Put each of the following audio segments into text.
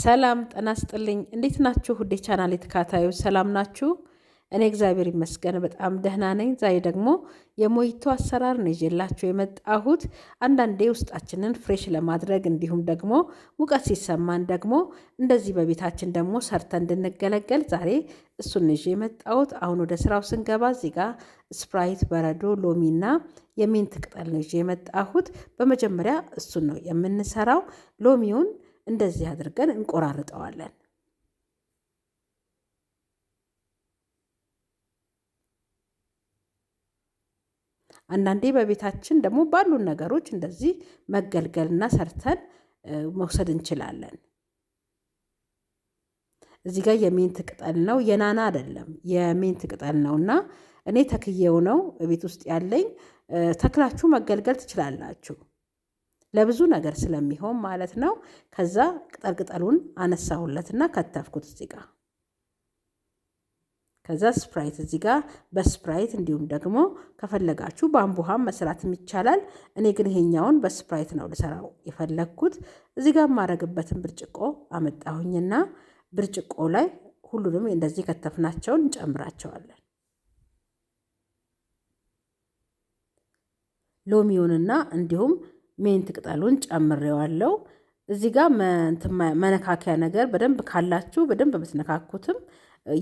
ሰላም ጤና ይስጥልኝ። እንዴት ናችሁ? ሁዴ ቻናል የተካታዩ ሰላም ናችሁ? እኔ እግዚአብሔር ይመስገን በጣም ደህና ነኝ። ዛሬ ደግሞ የሞይቶ አሰራር ነው ይዤላችሁ የመጣሁት። አንዳንዴ ውስጣችንን ፍሬሽ ለማድረግ እንዲሁም ደግሞ ሙቀት ሲሰማን ደግሞ እንደዚህ በቤታችን ደግሞ ሰርተን እንድንገለገል ዛሬ እሱን ይዤ የመጣሁት። አሁን ወደ ስራው ስንገባ እዚህ ጋር ስፕራይት፣ በረዶ፣ ሎሚና የሚንት ቅጠል ነው ይዤ የመጣሁት። በመጀመሪያ እሱን ነው የምንሰራው። ሎሚውን እንደዚህ አድርገን እንቆራርጠዋለን። አንዳንዴ በቤታችን ደግሞ ባሉን ነገሮች እንደዚህ መገልገልና ሰርተን መውሰድ እንችላለን። እዚህ ጋር የሜንት ቅጠል ነው፣ የናና አይደለም፣ የሜንት ቅጠል ነው እና እኔ ተክየው ነው ቤት ውስጥ ያለኝ። ተክላችሁ መገልገል ትችላላችሁ። ለብዙ ነገር ስለሚሆን ማለት ነው። ከዛ ቅጠል ቅጠሉን አነሳሁለትና ከተፍኩት እዚህ ከዛ ስፕራይት እዚህ ጋር በስፕራይት እንዲሁም ደግሞ ከፈለጋችሁ በአምቡሃም መስራትም ይቻላል። እኔ ግን ይሄኛውን በስፕራይት ነው ልሰራው የፈለግኩት። እዚህ ጋር የማረግበትን ብርጭቆ አመጣሁኝና ብርጭቆ ላይ ሁሉንም እንደዚህ ከተፍናቸውን እንጨምራቸዋለን። ሎሚውንና እንዲሁም ሜንት ቅጠሉን ጨምሬዋለሁ። እዚህ ጋር መነካከያ ነገር በደንብ ካላችሁ በደንብ ብትነካኩትም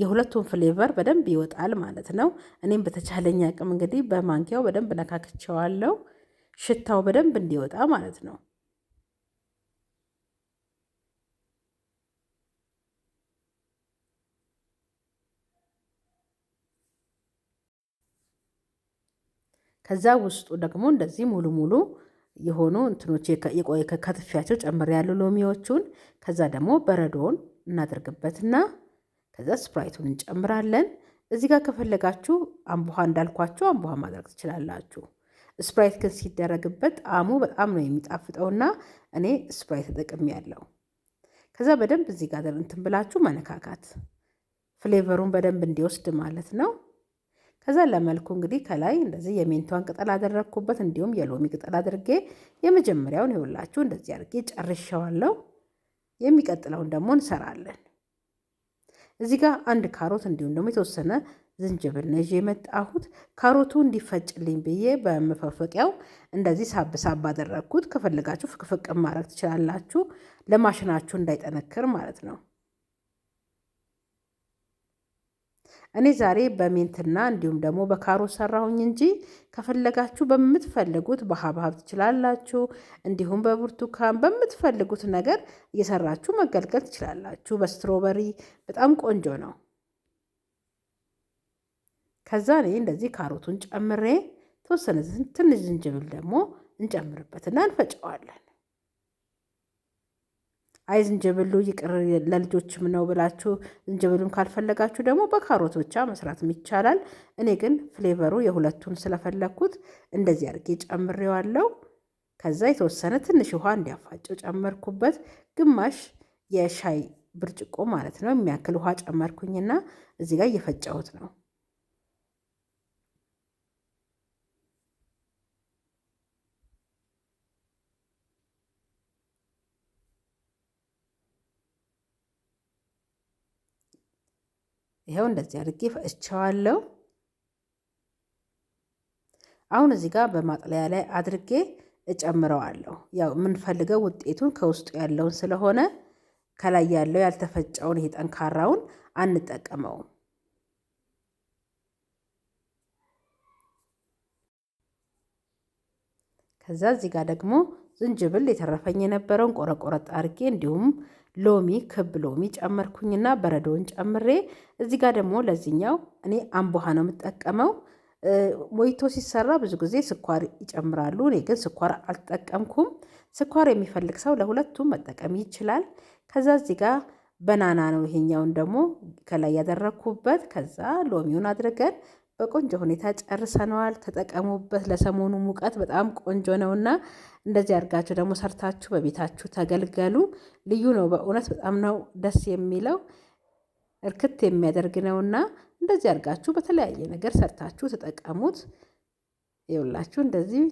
የሁለቱን ፍሌቨር በደንብ ይወጣል ማለት ነው። እኔም በተቻለኝ አቅም እንግዲህ በማንኪያው በደንብ ነካክቸዋለሁ፣ ሽታው በደንብ እንዲወጣ ማለት ነው። ከዛ ውስጡ ደግሞ እንደዚህ ሙሉ ሙሉ የሆኑ እንትኖች የቆየ ከትፊያቸው ጨምር ያሉ ሎሚዎቹን ከዛ ደግሞ በረዶውን እናደርግበትና ከዛ ስፕራይቱን እንጨምራለን። እዚህ ጋር ከፈለጋችሁ አምቡሃ እንዳልኳችሁ አምቡሃ ማድረግ ትችላላችሁ። ስፕራይት ግን ሲደረግበት ጣዕሙ በጣም ነው የሚጣፍጠውና እኔ ስፕራይት ተጠቅሜ ያለው። ከዛ በደንብ እዚህ ጋር እንትን ብላችሁ መነካካት ፍሌቨሩን በደንብ እንዲወስድ ማለት ነው። ከዛ ለመልኩ እንግዲህ ከላይ እንደዚህ የሜንቷን ቅጠል አደረግኩበት፣ እንዲሁም የሎሚ ቅጠል አድርጌ የመጀመሪያውን ይውላችሁ እንደዚህ አድርጌ ጨርሻዋለሁ። የሚቀጥለውን ደግሞ እንሰራለን። እዚህ ጋር አንድ ካሮት እንዲሁም ደግሞ የተወሰነ ዝንጅብል ነዥ የመጣሁት። ካሮቱ እንዲፈጭልኝ ብዬ በመፈፈቂያው እንደዚህ ሳብ ሳብ አደረግኩት። ከፈለጋችሁ ፍቅፍቅ ማድረግ ትችላላችሁ፣ ለማሽናችሁ እንዳይጠነክር ማለት ነው። እኔ ዛሬ በሜንትና እንዲሁም ደግሞ በካሮት ሰራሁኝ እንጂ ከፈለጋችሁ በምትፈልጉት በሀብሀብ ትችላላችሁ። እንዲሁም በብርቱካን በምትፈልጉት ነገር እየሰራችሁ መገልገል ትችላላችሁ። በስትሮበሪ በጣም ቆንጆ ነው። ከዛ እኔ እንደዚህ ካሮቱን ጨምሬ ተወሰነ ትንሽ ዝንጅብል ደግሞ እንጨምርበትና እንፈጨዋለን። አይ ዝንጅብሉ ይቅር ለልጆችም ነው ብላችሁ ዝንጅብሉን ካልፈለጋችሁ ደግሞ በካሮት ብቻ መስራትም ይቻላል። እኔ ግን ፍሌቨሩ የሁለቱን ስለፈለግኩት እንደዚህ አድርጌ ጨምሬዋለሁ። ከዛ የተወሰነ ትንሽ ውሃ እንዲያፋጨው ጨመርኩበት። ግማሽ የሻይ ብርጭቆ ማለት ነው የሚያክል ውሃ ጨመርኩኝና እዚህ ጋር እየፈጨሁት ነው ይኸው እንደዚህ አድርጌ ፈጭቸዋለሁ። አሁን እዚህ ጋር በማጥለያ ላይ አድርጌ እጨምረዋለሁ። ያው የምንፈልገው ውጤቱን ከውስጡ ያለውን ስለሆነ ከላይ ያለው ያልተፈጨውን ይሄ ጠንካራውን አንጠቀመውም። ከዛ እዚህ ጋር ደግሞ ዝንጅብል የተረፈኝ የነበረውን ቆረቆረጥ አድርጌ እንዲሁም ሎሚ ክብ ሎሚ ጨመርኩኝና በረዶውን ጨምሬ እዚህ ጋር ደግሞ ለዚኛው እኔ አምቦሃ ነው የምጠቀመው። ሞይቶ ሲሰራ ብዙ ጊዜ ስኳር ይጨምራሉ። እኔ ግን ስኳር አልጠቀምኩም። ስኳር የሚፈልግ ሰው ለሁለቱም መጠቀም ይችላል። ከዛ እዚህ ጋር በናና ነው ይሄኛውን ደግሞ ከላይ ያደረግኩበት። ከዛ ሎሚውን አድርገን በቆንጆ ሁኔታ ጨርሰነዋል። ተጠቀሙበት። ለሰሞኑ ሙቀት በጣም ቆንጆ ነውና እንደዚህ አድርጋችሁ ደግሞ ሰርታችሁ በቤታችሁ ተገልገሉ። ልዩ ነው በእውነት በጣም ነው ደስ የሚለው እርክት የሚያደርግ ነውና እንደዚህ አድርጋችሁ በተለያየ ነገር ሰርታችሁ ተጠቀሙት። ይውላችሁ እንደዚህ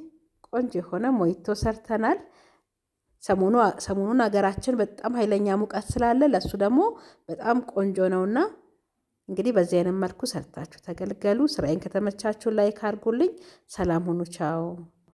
ቆንጆ የሆነ ሞይቶ ሰርተናል። ሰሞኑን ሀገራችን በጣም ኃይለኛ ሙቀት ስላለ ለእሱ ደግሞ በጣም ቆንጆ ነውና እንግዲህ በዚህ አይነት መልኩ ሰርታችሁ ተገልገሉ። ስራዬን ከተመቻችሁ ላይክ አድርጉልኝ። ሰላም ሁኑ። ቻው